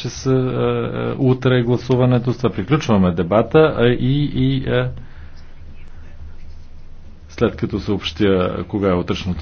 часа а, е, е, утре е гласуването. С това приключваме дебата а, и, и а, след като съобщя кога е утрешното